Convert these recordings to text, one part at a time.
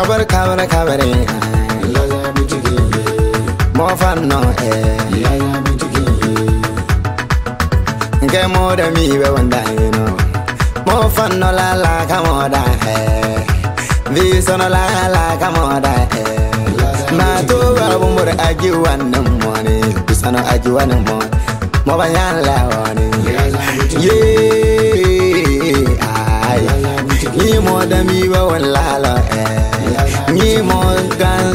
Abare kabare kabare eh. Yaya butiki More fun no eh more wanda fun no la la come on da eh This no la la come on da eh Na to wa bumure aji wannan money Bisa no aji wannan money Mo banyan la wani Yeah Ni more than me we la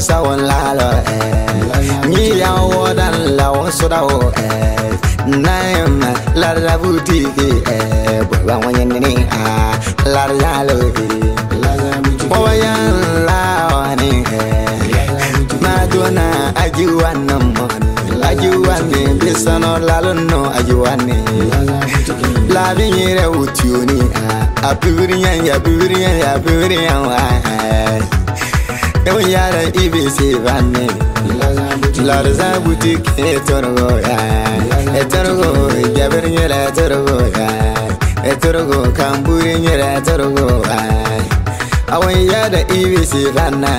la lo lalo ni ya wodan la wasu dawo naim la rabuti ke baba wanya ni a la lalo ke baba ya la wani na dona ajuwan nan ajuwan ne bisano lalon no ajuwan ne labin yere wutiyo ni a pibiriyan ya pibiriyan ya pibiriyan wa Yau yaran ibc ba ne Lord za butiki etorgo ya Etorgo jabir nyela etorgo ya Etorgo kamburi nyela etorgo ya Awan yaran ibc ba na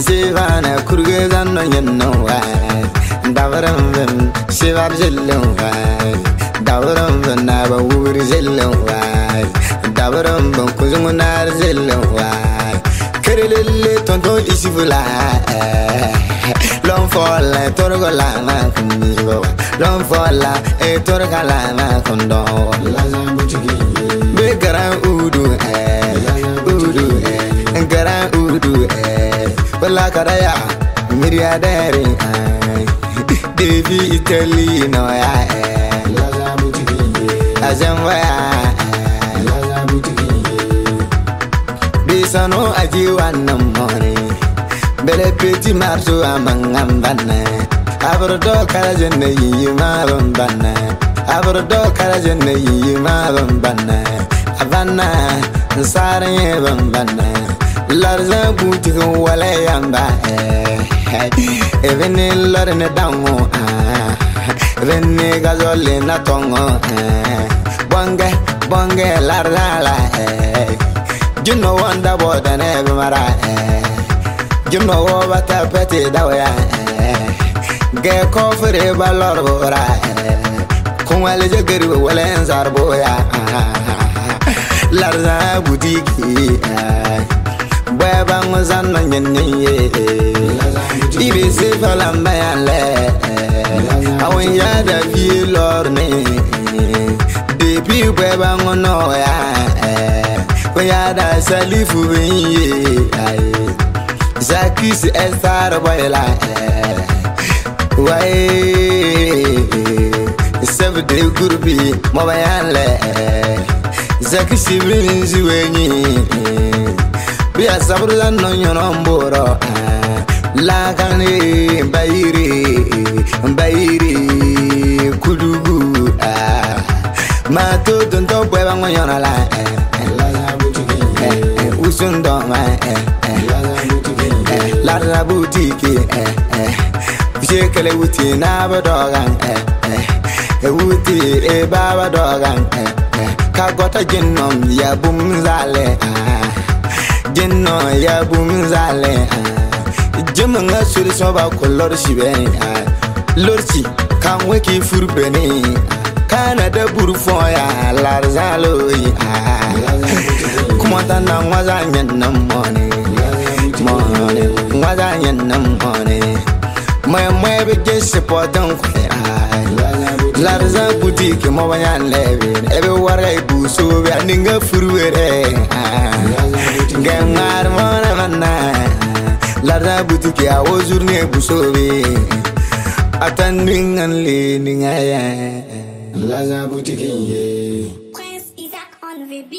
Sivana kurge zanno yenno wa Davaram vim shivar jillo wa Davaram vim naba wubir jillo wa Davaram vim kuzungunar jillo wa Long tonton disibula eh. L'enfola, torgola, na kundiwa L'enfola, e torgala, na kundo Be garan udu, eh Udu, eh Garan udu, eh Bala ya miriadere, eh Devi Italy, no ya, eh Azamwa, eh nano aji wannan mone bele peti marsu amangan banne abro do kala jenne yi ma ban banne abro do kala jenne yi ma ban banne abanna sare ban banne larza buti ko wala yamba eh. even lorne dango renne eh. gazole na tongo eh. bonge bonge larala la. You know wonder that boy than every mara. You know what a petty that way. Get coffee, but Lord, what I come. Well, it's a in will ends our boy. Larza Boutique. Bwebang was an onion. Ibi sifalam bayale. Awon Lord. fi lorne. Debi bwebang on oya. yada salifu binye zakis estar bayla eh. waye sabde gurbi mabayanle eh. zakisi binzi wenyi eh. biya sabrula no nyonon boro lakani bayiri bayiri kudugu mato dontɔ bɔɛ b'a ŋɔ yɔrɔ la. Eh eh eh, eh eh. eh la la boutique usundoma lara butiki ushekele wuti nabadogan ewuti eh, ebabadogan eh. kagota jinnom yabumzale eh. jinno yabumzale jiminga suri soba ko lorsi bene lorsi kan weki furbene kana da burfoya larzaloyi mata na nwaza nyen na money money nwaza nyen na money my my be just supporting kwera larza boutique mo banya lebe ebe warga ibu so be ninga furuere ngamar mona manna larza boutique a o journée busobe atandingan le ninga ya larza boutique ye